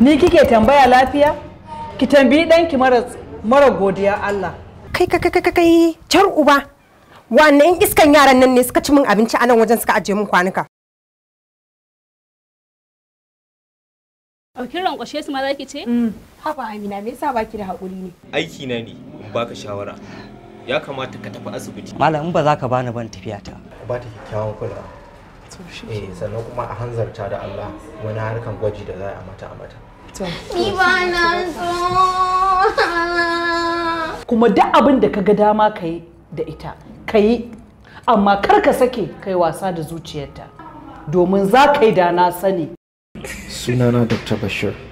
ni kike tambaya lafiya ki tambayi danki mara godiya Allah kai kai kai kai char uba wannan iskan yaran nan ne suka ci min abinci a nan wajen suka ajiye min kwanuka Aukin rankwashe su ma za ki ce? Mm. Haba Amina, me yasa baki da haƙuri ne? Aiki na ne, in baka shawara. Ya kamata ka tafi asibiti. Malam in ba za ka bani ban tafiya ta. Ba ta kyakkyawan kulawa. eh sannan kuma a hanzarta da Allah wani harkan gwaji da za a mata a mata kuma duk abin da kaga dama ka yi da ita ka yi amma kar ka sake kai wasa da zuciyarta domin za ka yi da na sani sunana dr bashir